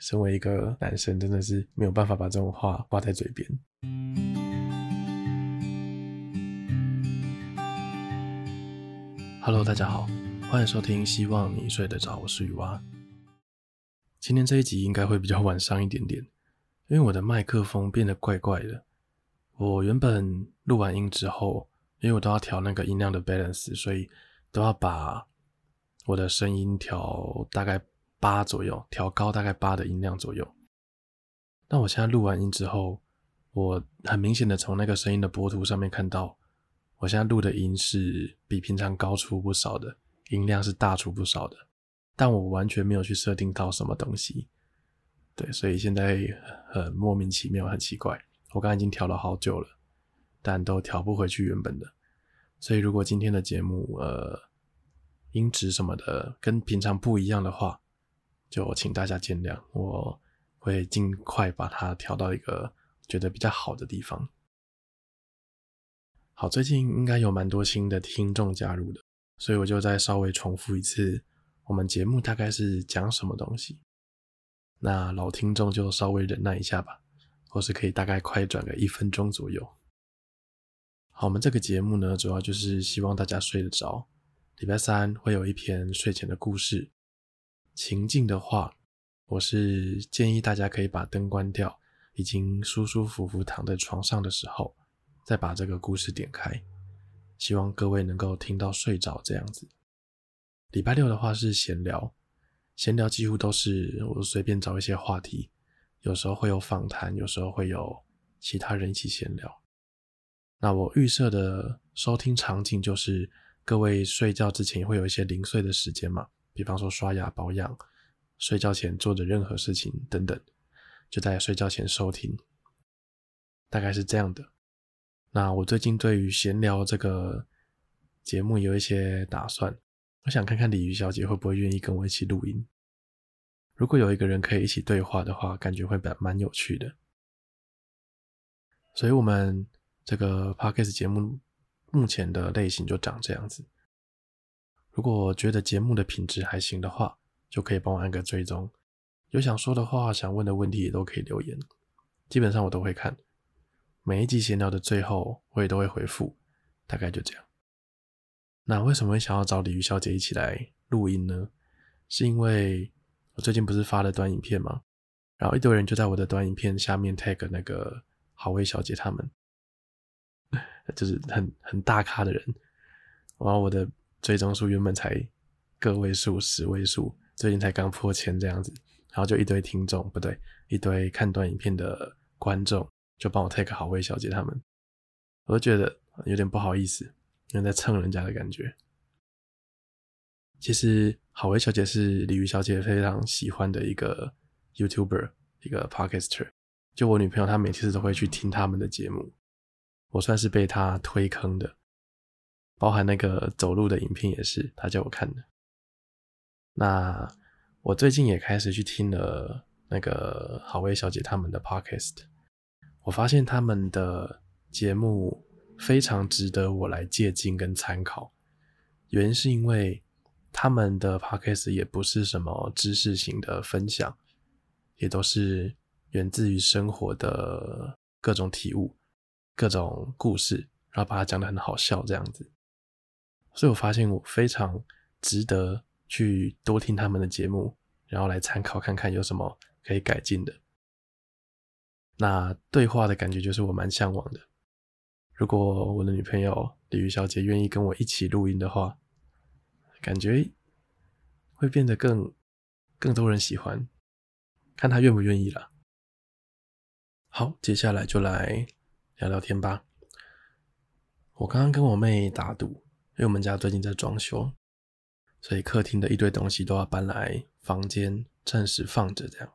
身為一個男生，真的是沒有辦法把這種話掛在嘴邊。Hello，大家好，歡迎收聽，希望你睡得着，我是雨蛙。今天這一集應該會比較晚上一點點，因為我的麥克風變得怪怪的。我原本錄完音之後，因為我都要調那個音量的 balance，所以都要把我的聲音調大概八左右，調高大概八的音量左右。那我現在錄完音之後，我很明顯的從那個聲音的波圖上面看到，我現在錄的音是比平常高出不少的，音量是大出不少的。但我完全沒有去設定到什麼東西，對，所以現在很莫名其妙，很奇怪。我剛才已經調了好久了，但都調不回去原本的。所以如果今天的節目，呃，音質什麼的跟平常不一樣的話，就請大家見諒，我會儘快把它調到一個覺得比較好的地方。好，最近應該有蠻多新的聽眾加入的，所以我就再稍微重複一次，我們節目大概是講什麼東西。那老聽眾就稍微忍耐一下吧，或是可以大概快轉個一分鐘左右。好，我們這個節目呢，主要就是希望大家睡得着。禮拜三會有一篇睡前的故事。情境的話，我是建議大家可以把燈關掉，已經舒舒服服躺在床上的時候，再把這個故事點開。希望各位能夠聽到睡着這樣子。禮拜六的話是閒聊，閒聊幾乎都是我隨便找一些話題，有時候會有訪談，有時候會有其他人一起閒聊。那我預設的收聽場景就是各位睡覺之前會有一些零碎的時間嘛。比方說刷牙保養、睡覺前做的任何事情等等，就在睡覺前收聽，大概是這樣的。那我最近對於閒聊這個節目有一些打算，我想看看鯉魚小姐會不會願意跟我一起錄音。如果有一個人可以一起對話的話，感覺會蠻蠻有趣的。所以，我們這個 Podcast 節目目前的類型就長這樣子。如果覺得節目的品質還行的話，就可以幫我按個追蹤。有想說的話、想問的問題也都可以留言，基本上我都會看。每一集閒聊的最後，我也都會回復，大概就這樣。那為什麼會想要找鯉魚小姐一起來錄音呢？是因為我最近不是發了短影片嗎？然後一堆人就在我的短影片下面 tag 那個好味小姐他們， 就是很很大咖的人，然後我的。最終數原本才個位數、十位數，最近才剛破千這樣子，然後就一堆聽眾，不對，一堆看短影片的觀眾就幫我 tag 個好味小姐他們，我就覺得有點不好意思，因為在蹭人家的感覺。其實好味小姐是鯉魚小姐非常喜歡的一個 YouTuber，一個 Podcaster。就我女朋友她每次都會去聽他們的節目，我算是被她推坑的。包含那個走路的影片，也是他叫我看的。那我最近也開始去聽了那個好薇小姐他們的 podcast，我發現他們的節目非常值得我來借鑑跟參考。原因是因為他們的 podcast 也不是什麼知識型的分享，也都是源自於生活的各種體悟、各種故事，然後把它講得很好笑這樣子。所以我發現我非常值得去多聽他們的節目，然後來參考看看有什麼可以改進的。那對話的感覺就是我蠻向往的。如果我的女朋友李玉小姐願意跟我一起錄音的話，感覺會變得更更多人喜歡。看她願不願意啦。好，接下來就來聊聊天吧。我剛剛跟我妹打賭。因為我們家最近在裝修，所以客廳的一堆東西都要搬來房間暫時放着這樣。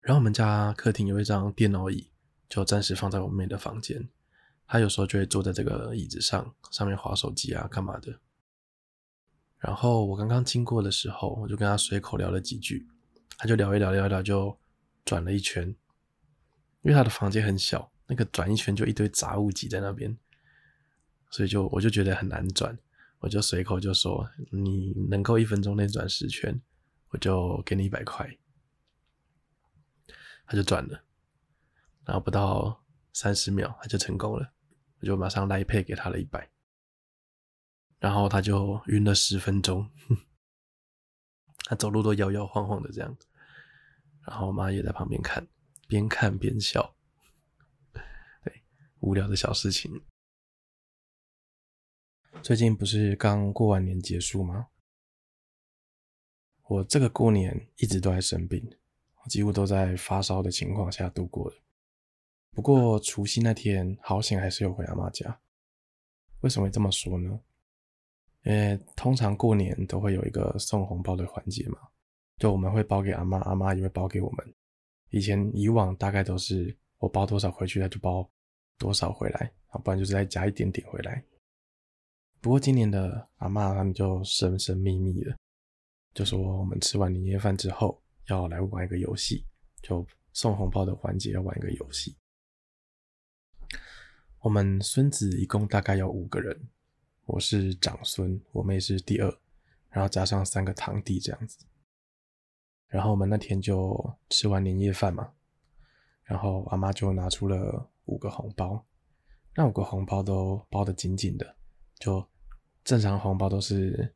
然後我們家客廳有一張電腦椅，就暫時放在我妹的房間。她有時候就會坐在這個椅子上，上面滑手機啊幹嘛的。然後我剛剛經過的時候，我就跟她隨口聊了幾句，她就聊一聊聊一聊就轉了一圈，因為她的房間很小，那個轉一圈就一堆雜物擠在那邊。所以就我就覺得很難轉，我就隨口就說：“你能夠一分鐘內轉十圈，我就給你一百塊。”他就轉了，然後不到三十秒，他就成功了，我就馬上 LINE Pay 給他了一百。然後他就暈了十分鐘，他走路都搖搖晃晃的這樣。然後我媽也在旁邊看，邊看邊笑。對，無聊的小事情。最近不是剛過完年結束嗎？我這個過年一直都在生病，幾乎都在發燒的情況下度過的。不過除夕那天好險，還是有回阿嬤家。為什麼會這麼說呢？因為通常過年都會有一個送紅包的環節嘛，就我們會包給阿嬤，阿嬤也會包給我們。以前以往大概都是我包多少回去，他就包多少回來，啊，不然就是再加一點點回來。不過今年的阿嬤他們就神神秘秘的，就說我們吃完年夜飯之後要來玩一個遊戲，就送紅包的環節要玩一個遊戲。我們孫子一共大概有五個人，我是長孫，我妹也是第二，然後加上三個堂弟這樣子。然後我們那天就吃完年夜飯嘛，然後阿嬤就拿出了五個紅包，那五個紅包都包得緊緊的，就。正常紅包都是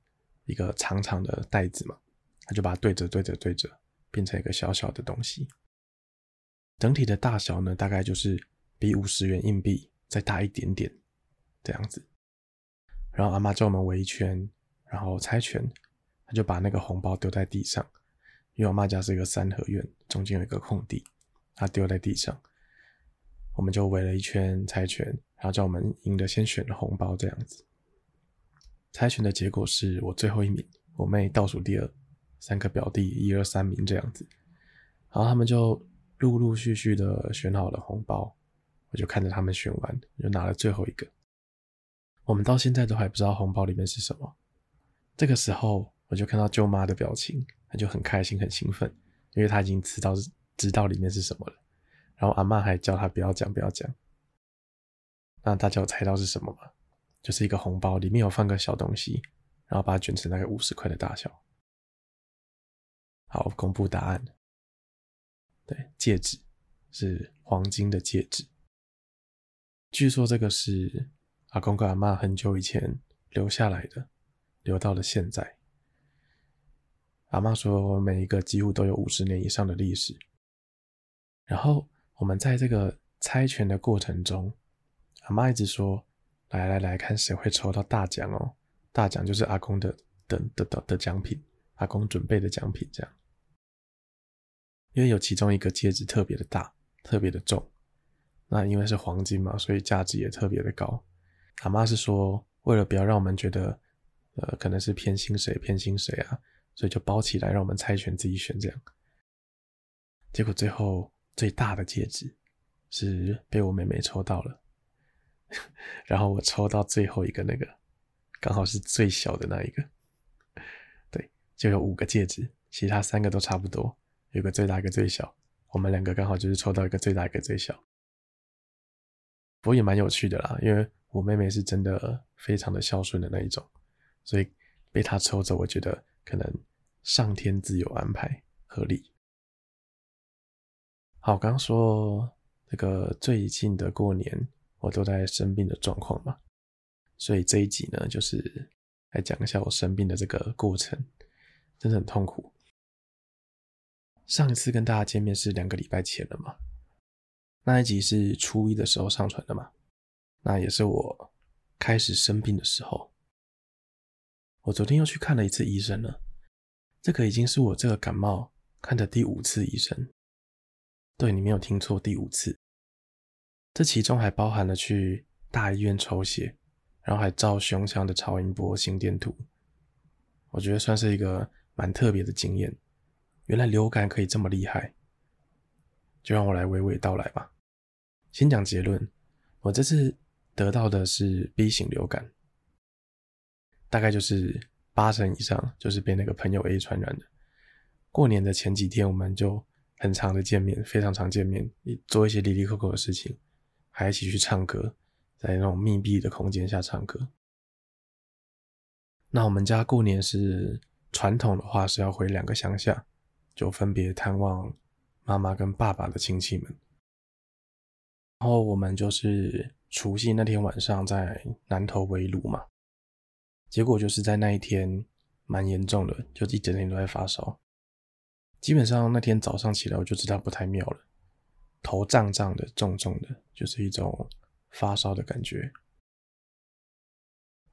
一個長長的袋子嘛，他就把它對折、對折、對折，變成一個小小的東西。整體的大小呢，大概就是比五十元硬幣再大一點點這樣子。然後阿嬤叫我們圍一圈，然後猜拳，他就把那個紅包丟在地上。因為我媽家是一個三合院，中間有一個空地，他丟在地上，我們就圍了一圈猜拳，然後叫我們贏的先選的紅包這樣子。猜拳的結果是我最後一名，我妹倒數第二，三個表弟一二三名這樣子。然後他們就陸陸續續的選好了紅包，我就看着他們選完，我就拿了最後一個。我們到現在都還不知道紅包裡面是什麼。這個時候我就看到舅媽的表情，她就很開心很興奮，因為她已經知道知道裡面是什麼了。然後阿嬤還叫她不要講不要講。那大家有猜到是什麼嗎？就是一個紅包，裡面有放個小東西，然後把它捲成大概五十塊的大小。好，公布答案。對，戒指是黃金的戒指。據說這個是阿公跟阿媽很久以前留下來的，留到了現在。阿媽說，每一個幾乎都有五十年以上的歷史。然後我們在這個猜拳的過程中，阿媽一直說。來來來，看誰會抽到大獎哦！大獎就是阿公的的的的，的獎品，阿公準備的獎品這樣。因為有其中一個戒指特別的大，特別的重，那因為是黃金嘛，所以價值也特別的高。阿嬤是說，為了不要讓我們覺得，呃，可能是偏心誰偏心誰啊，所以就包起來讓我們猜拳自己選這樣。結果最後最大的戒指是被我妹妹抽到了。然後我抽到最後一個那個，剛好是最小的那一個。對，就有五個戒指，其他三個都差不多，有個最大，一個最小。我們兩個剛好就是抽到一個最大，一個最小。不過也蠻有趣的啦，因為我妹妹是真的、呃、非常的孝順的那一種，所以被她抽走，我覺得可能上天自有安排，合理。好，剛剛說那、這個最近的過年。我都在生病的狀況嘛，所以這一集呢，就是來講一下我生病的這個過程，真的很痛苦。上一次跟大家見面是兩個禮拜前了嘛，那一集是初一的時候上傳的嘛，那也是我開始生病的時候。我昨天又去看了一次醫生了，這個已經是我這個感冒看的第五次醫生，對，你沒有聽錯，第五次。這其中還包含了去大醫院抽血，然後還照胸腔的超音波、心電圖，我覺得算是一個蠻特別的經驗。原來流感可以這麼厲害，就讓我來娓娓道來吧。先講結論，我這次得到的是 B 型流感，大概就是八成以上就是被那個朋友 A 傳染的。過年的前幾天，我們就很常的見面，非常常見面，做一些離離扣扣的事情，還一起去唱歌，在那種密閉的空間下唱歌。那我們家過年是傳統的話是要回兩個鄉下，就分別探望媽媽跟爸爸的親戚們。然後我們就是除夕那天晚上在南投圍爐嘛，結果就是在那一天蠻嚴重的，就一整天都在發燒。基本上那天早上起來我就知道不太妙了。頭脹脹的、重重的，就是一種發燒的感覺。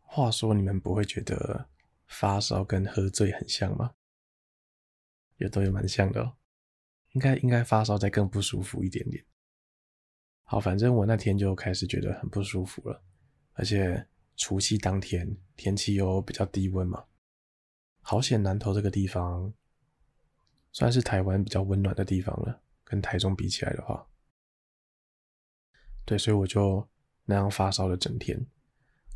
話說，你們不會覺得發燒跟喝醉很像嗎？也都有蠻像的哦、喔。應該應該發燒再更不舒服一點點。好，反正我那天就開始覺得很不舒服了，而且除夕當天天氣又比較低溫嘛。好險，南投這個地方算是台灣比較溫暖的地方了。跟台中比起來的話，對，所以我就那樣發燒了整天。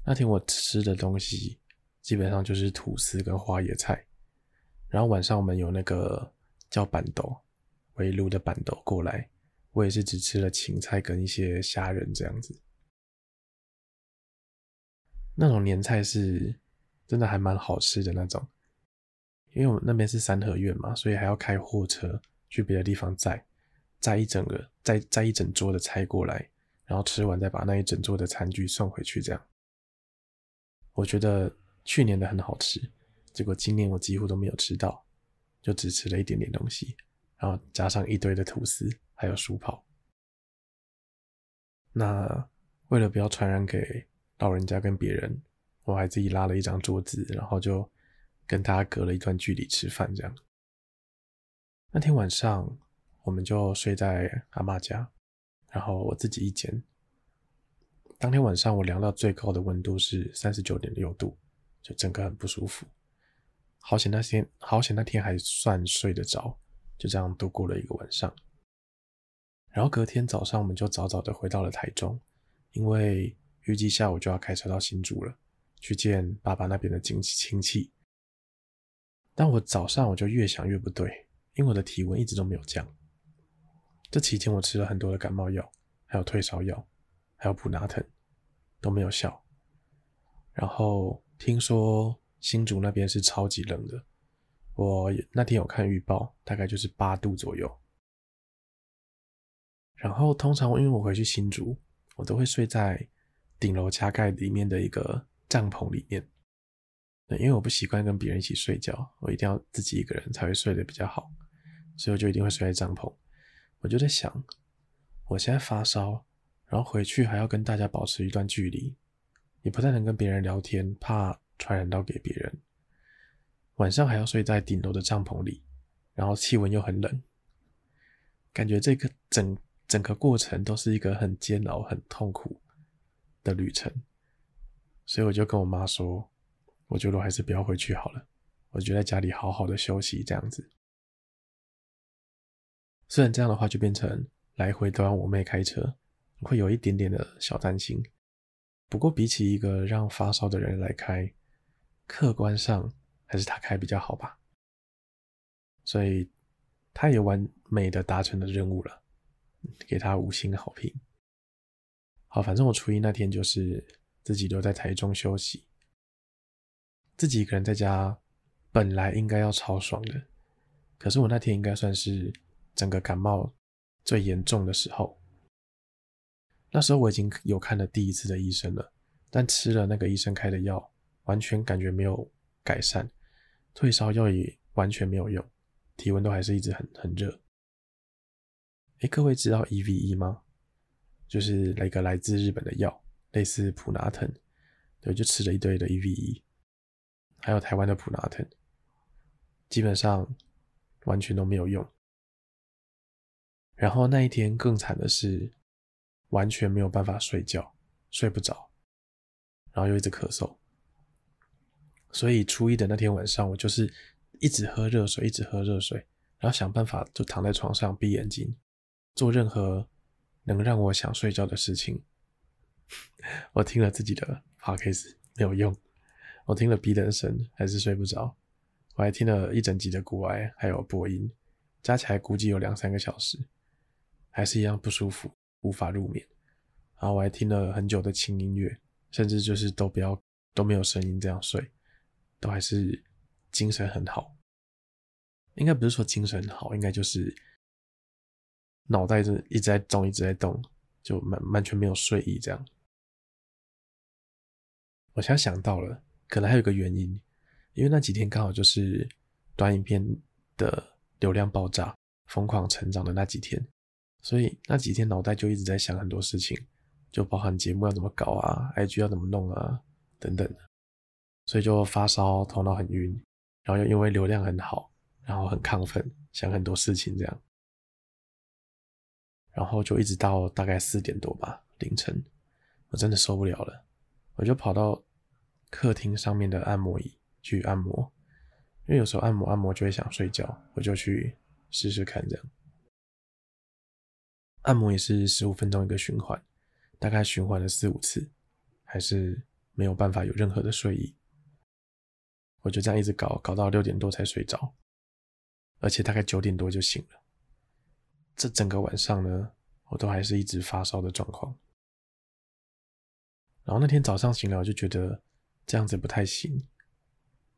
那天我吃的東西基本上就是吐司跟花椰菜，然後晚上我們有那個叫板豆圍爐的板豆過來，我也是只吃了芹菜跟一些蝦仁這樣子。那種年菜是真的還蠻好吃的那種，因為我們那邊是三合院嘛，所以還要開貨車去別的地方載。摘一整個，再摘一整桌的菜過來，然後吃完再把那一整桌的餐具送回去。這樣，我覺得去年的很好吃，結果今年我幾乎都沒有吃到，就只吃了一點點東西，然後加上一堆的吐司還有舒跑。那為了不要傳染給老人家跟別人，我還自己拉了一張桌子，然後就跟大家隔了一段距離吃飯。這樣，那天晚上，我們就睡在阿嬤家，然後我自己一間。當天晚上我量到最高的溫度是三十九點六度，就整個很不舒服。好險那天，好險那天還算睡得着，就這樣度過了一個晚上。然後隔天早上我們就早早的回到了台中，因為預計下午就要開車到新竹了，去見爸爸那邊的親戚。但我早上我就越想越不對，因為我的體溫一直都沒有降。這期間我吃了很多的感冒藥，還有退燒藥，還有普拿疼，都沒有效。然後聽說新竹那邊是超級冷的，我那天有看預報，大概就是八度左右。然後通常因為我回去新竹，我都會睡在頂樓加蓋裡面的一個帳篷裡面。嗯，因為我不習慣跟別人一起睡覺，我一定要自己一個人才會睡得比較好，所以我就一定會睡在帳篷。我就在想，我現在發燒，然後回去還要跟大家保持一段距離，也不太能跟別人聊天，怕傳染到給別人。晚上還要睡在頂樓的帳篷裡，然後氣溫又很冷，感覺這個整整個過程都是一個很煎熬、很痛苦的旅程。所以我就跟我媽說，我覺得我還是不要回去好了，我就在家裡好好的休息這樣子。雖然這樣的話，就變成來回都讓我妹開車，我會有一點點的小擔心。不過比起一個讓發燒的人來開，客觀上還是他開比較好吧。所以他也完美的達成了任務了，給他五星的好評。好，反正我初一那天就是自己留在台中休息，自己一個人在家，本來應該要超爽的，可是我那天應該算是。整個感冒最嚴重的時候，那時候我已經有看了第一次的醫生了，但吃了那個醫生開的藥，完全感覺沒有改善，退燒藥也完全沒有用，體溫都還是一直很很熱。哎，各位知道 EVE 嗎？就是那個來自日本的藥，類似普拿疼，對，就吃了一堆的 EVE，還有台灣的普拿疼。基本上完全都沒有用。然後那一天更慘的是，完全沒有辦法睡覺，睡不着，然後又一直咳嗽。所以初一的那天晚上，我就是一直喝熱水，一直喝熱水，然後想辦法就躺在床上閉眼睛，做任何能讓我想睡覺的事情。 我聽了自己的 podcast 沒有用，我聽了彼得的神還是睡不着，我還聽了一整集的古玩，還有播音，加起來估計有兩三個小時。還是一樣不舒服，無法入眠。然後我還聽了很久的輕音樂，甚至就是都不要，都沒有聲音這樣睡，都還是精神很好。應該不是說精神好，應該就是腦袋一直，一直在動，一直在動，就蠻完全沒有睡意這樣。我現在想到了，可能還有個原因，因為那幾天剛好就是短影片的流量爆炸、瘋狂成長的那幾天。所以那幾天腦袋就一直在想很多事情，就包含節目要怎麼搞啊，IG 要怎麼弄啊，等等。所以就發燒，頭腦很暈，然後又因為流量很好，然後很亢奮，想很多事情這樣。然後就一直到大概四點多吧，凌晨，我真的受不了了，我就跑到客廳上面的按摩椅去按摩，因為有時候按摩按摩就會想睡覺，我就去試試看這樣。按摩也是十五分鐘一個循環，大概循環了四五次，還是沒有辦法有任何的睡意。我就這樣一直搞，搞到六點多才睡着，而且大概九點多就醒了。這整個晚上呢，我都還是一直發燒的狀況。然後那天早上醒了，我就覺得這樣子不太行，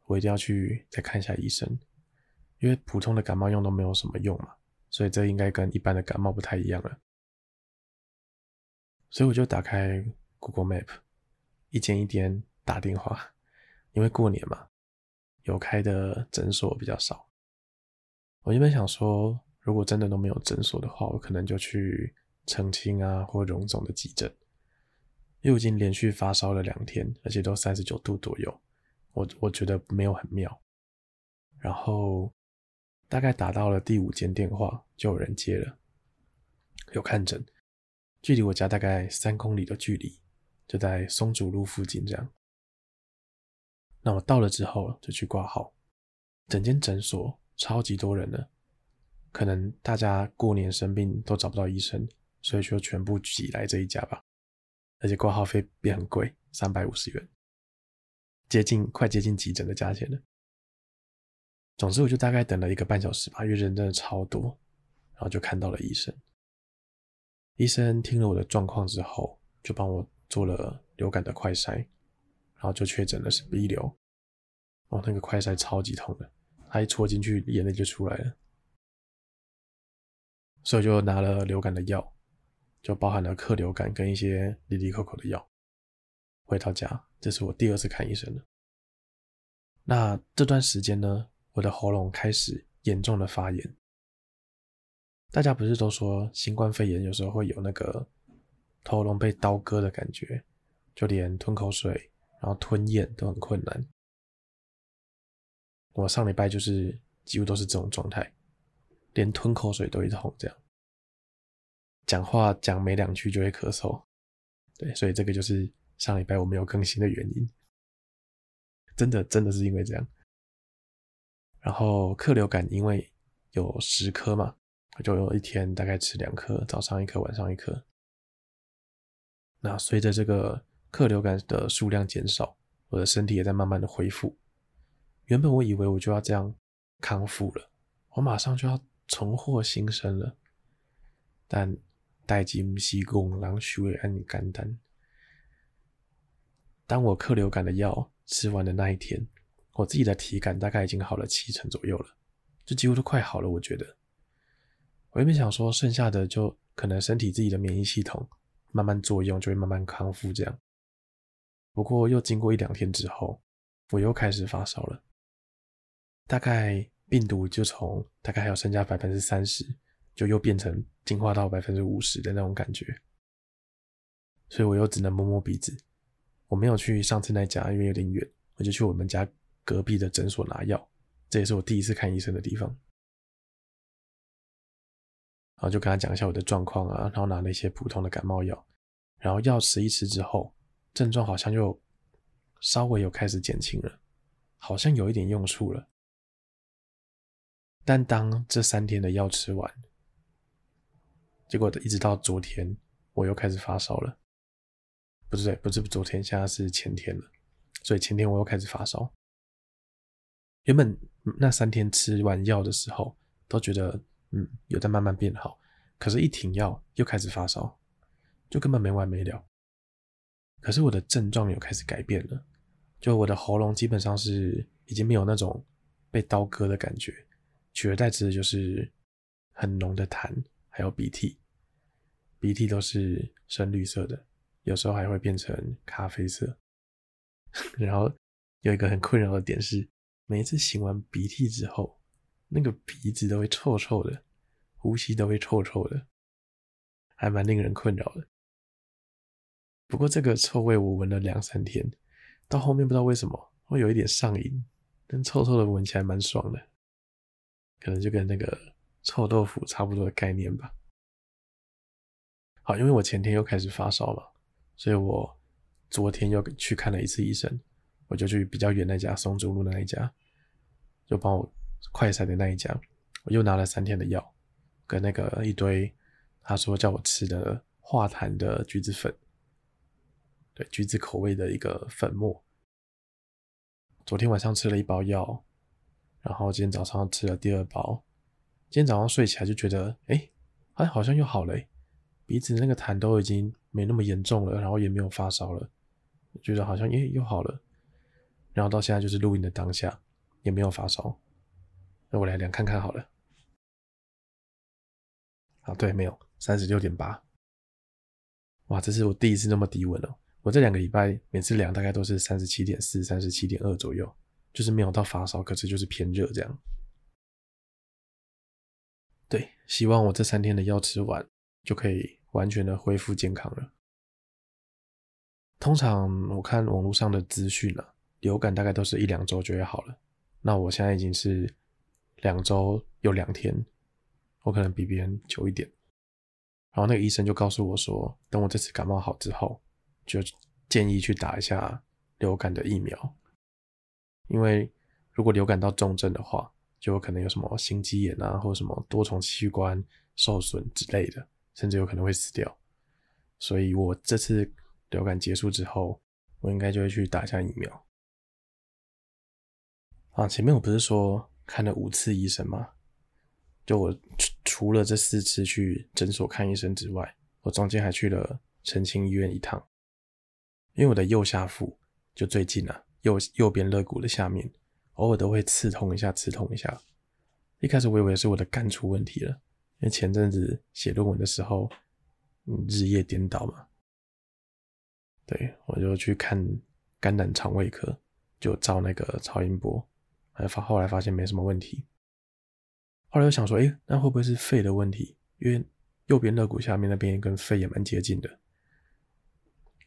我一定要去再看一下醫生，因為普通的感冒藥都沒有什麼用嘛。所以這應該跟一般的感冒不太一樣了，所以我就打開 Google Map，一間一間打電話，因為過年嘛，有開的診所比較少。我一般想說，如果真的都沒有診所的話，我可能就去澄清啊或榮總的急診，因為我已經連續發燒了兩天，而且都三十九度左右，我我覺得沒有很妙，然後，大概打到了第五間電話，就有人接了。有看診，距離我家大概三公里的距離，就在松竹路附近這樣。那我到了之後就去掛號，整間診所超級多人呢，可能大家過年生病都找不到醫生，所以說全部擠來這一家吧。而且掛號費也很貴，三百五十元，接近快接近急診的價錢了。總之，我就大概等了一個半小時吧，因為人真的超多，然後就看到了醫生。醫生聽了我的狀況之後，就幫我做了流感的快篩，然後就確診了是 B 流。哦，那個快篩超級痛的，它一戳進去眼淚就出來了，所以我就拿了流感的藥，就包含了克流感跟一些哩哩扣扣的藥。回到家，這是我第二次看醫生了。那這段時間呢？我的喉嚨開始嚴重的發炎，大家不是都說新冠肺炎有時候會有那個喉嚨被刀割的感覺，就連吞口水然後吞嚥都很困難。我上禮拜就是幾乎都是這種狀態，連吞口水都痛，這樣，講話講沒兩句就會咳嗽。對，所以這個就是上禮拜我沒有更新的原因，真的真的是因為這樣。然後，克流感因為有十顆嘛，我就有一天大概吃兩顆，早上一顆，晚上一顆。那隨着這個克流感的數量減少，我的身體也在慢慢的恢復。原本我以為我就要這樣康復了，我馬上就要重獲新生了。但代誌毋是戇人想的遐爾簡單，當我克流感的藥吃完的那一天。我自己的體感大概已經好了七成左右了，就幾乎都快好了。我覺得，我原本想說剩下的就可能身體自己的免疫系統慢慢作用就會慢慢康復這樣。不過又經過一兩天之後，我又開始發燒了，大概病毒就從大概還有剩下百分之三十，就又變成進化到百分之五十的那種感覺，所以我又只能摸摸鼻子。我沒有去上次那家，因為有點遠，我就去我們家，隔壁的診所拿藥，這也是我第一次看醫生的地方。然後就跟他講一下我的狀況啊，然後拿了一些普通的感冒藥。然後藥吃一吃之後，症狀好像就稍微有開始減輕了，好像有一點用處了。但當這三天的藥吃完，結果一直到昨天，我又開始發燒了。不是，對，不是昨天，現在是前天了。所以前天我又開始發燒。原本那三天吃完藥的時候，都覺得嗯，有在慢慢變好，可是，一停藥又開始發燒，就根本沒完沒了。可是我的症狀又開始改變了，就我的喉嚨基本上是已經沒有那種被刀割的感覺，取而代之的就是很濃的痰，還有鼻涕，鼻涕都是深綠色的，有時候還會變成咖啡色。 然後有一個很困擾的點是。每一次擤完鼻涕之後，那個鼻子都會臭臭的，呼吸都會臭臭的，還蠻令人困擾的。不過這個臭味我聞了兩三天，到後面不知道為什麼會有一點上癮，但臭臭的聞起來蠻爽的，可能就跟那個臭豆腐差不多的概念吧。好，因為我前天又開始發燒了，所以我昨天又去看了一次醫生。我就去比較遠那家，松竹路那一家，就幫我快篩的那一家。我又拿了三天的藥，跟那個一堆，他說叫我吃的化痰的橘子粉，對，橘子口味的一個粉末。昨天晚上吃了一包藥，然後今天早上吃了第二包。今天早上睡起來就覺得，哎、欸，還好像又好了、欸，鼻子那個痰都已經沒那麼嚴重了，然後也沒有發燒了，我覺得好像誒、欸、又好了。然後到現在就是錄音的當下，也沒有發燒。那我來量看看好了。啊，對，沒有，三十六點八。哇，這是我第一次那麼低溫哦。我這兩個禮拜每次量大概都是三十七點四、三十七點二左右，就是沒有到發燒，可是就是偏熱這樣。對，希望我這三天的藥吃完就可以完全的恢復健康了。通常我看網絡上的資訊呢、啊。流感大概都是一兩周就會好了。那我現在已經是兩周又兩天，我可能比別人久一點。然後那個醫生就告訴我說，等我這次感冒好之後，就建議去打一下流感的疫苗。因為如果流感到重症的話，就可能有什麼心肌炎啊，或什麼多重器官受損之類的，甚至有可能會死掉。所以我這次流感結束之後，我應該就會去打一下疫苗。啊，前面我不是說看了五次醫生嗎？就我除除了這四次去診所看醫生之外，我中間還去了澄清醫院一趟，因為我的右下腹就最近啊，右右邊肋骨的下面，偶爾都會刺痛一下，刺痛一下。一開始我以為是我的肝出問題了，因為前陣子寫論文的時候，嗯，日夜顛倒嘛，對，我就去看肝膽腸胃科，就照那個超音波。還發，後來發現沒什麼問題。後來又想說，哎、欸，那會不會是肺的問題？因為右邊肋骨下面那邊跟肺也蠻接近的，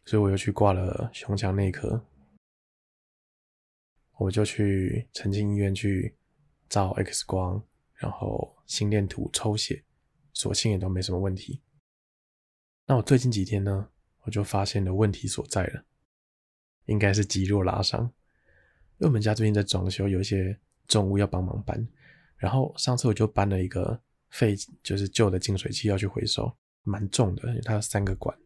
所以我又去掛了胸腔內科。我就去澄清醫院去照 X 光，然後心電圖、抽血，所幸也都沒什麼問題。那我最近幾天呢，我就發現了問題所在了，應該是肌肉拉傷。因為我們家最近在裝修，有一些重物要幫忙搬。然後上次我就搬了一個廢，就是舊的淨水器要去回收，蠻重的，它有三個管。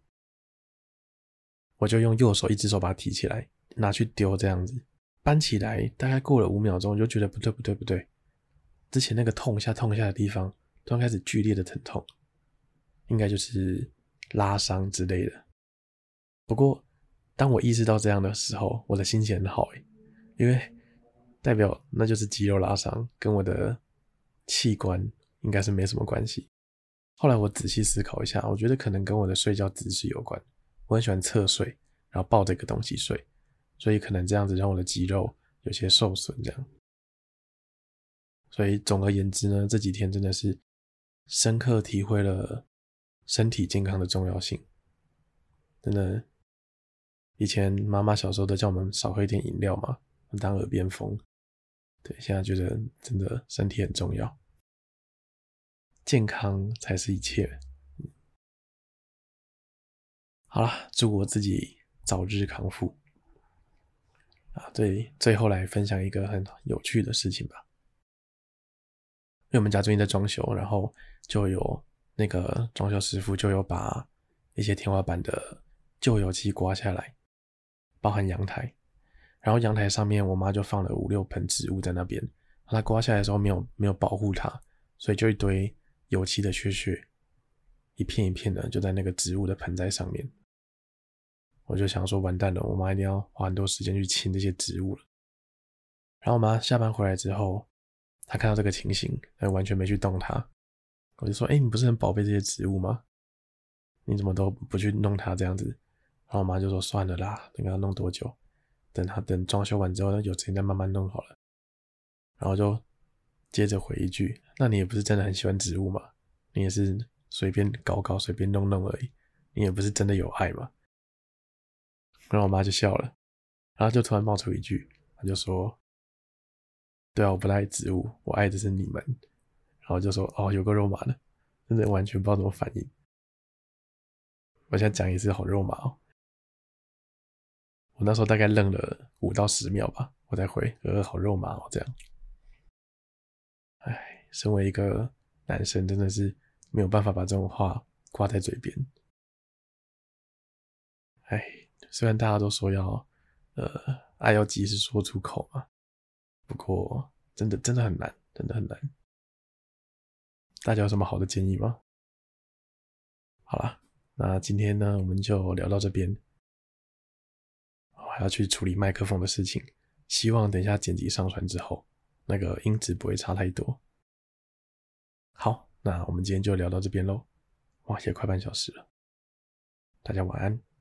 我就用右手，一只手把它提起來，拿去丟這樣子。搬起來大概過了五秒鐘，我就覺得不對不對不對，之前那個痛下痛下的地方突然開始劇烈的疼痛，應該就是拉傷之類的。不過當我意識到這樣的時候，我的心情很好，欸。因為代表那就是肌肉拉傷，跟我的器官應該是沒什麼關係。後來我仔細思考一下，我覺得可能跟我的睡覺姿勢有關。我很喜歡側睡，然後抱着一個東西睡，所以可能這樣子讓我的肌肉有些受損這樣。所以總而言之呢，這幾天真的是深刻體會了身體健康的重要性。真的，以前媽媽小時候都叫我們少喝一點飲料嘛。當耳邊風，對，現在覺得真的身體很重要，健康才是一切。嗯、好啦，祝我自己早日康復。啊，對，最後來分享一個很有趣的事情吧，因為我們家最近在裝修，然後就有那個裝修師傅就有把一些天花板的舊油漆刮下來，包含陽台。然後陽台上面，我媽就放了五六盆植物在那邊。她刮下來的時候沒有沒有保護它，所以就一堆油漆的屑屑，一片一片的就在那個植物的盆栽上面。我就想說，完蛋了，我媽一定要花很多時間去清這些植物了。然後我媽下班回來之後，她看到這個情形，她完全沒去動它。我就說，哎，你不是很寶貝這些植物嗎？你怎麼都不去弄它這樣子？然後我媽就說，算了啦，你給它弄多久？等他等裝修完之後，那有錢再慢慢弄好了。然後就接着回一句：“那你也不是真的很喜歡植物嘛？你也是隨便搞搞、隨便弄弄而已。你也不是真的有愛嘛？”然後我媽就笑了，然後就突然冒出一句：“她就說，對啊，我不太愛植物，我愛的是你們。”然後就說：“哦，有個肉麻的，真的完全不知道怎麼反應。”我現在講一次好肉麻哦。那時候大概愣了五到十秒吧，我再回，呃，好肉麻哦，這樣，哎，身為一個男生，真的是沒有辦法把這種話掛在嘴邊。哎，雖然大家都說要，呃，愛要及時說出口嘛，不過真的真的很難，真的很難。大家有什麼好的建議嗎？好啦，那今天呢，我們就聊到這邊。還要去處理麥克風的事情，希望等一下剪輯上傳之後，那個音質不會差太多。好，那我們今天就聊到這邊嘍。哇，也快半小時了。大家晚安。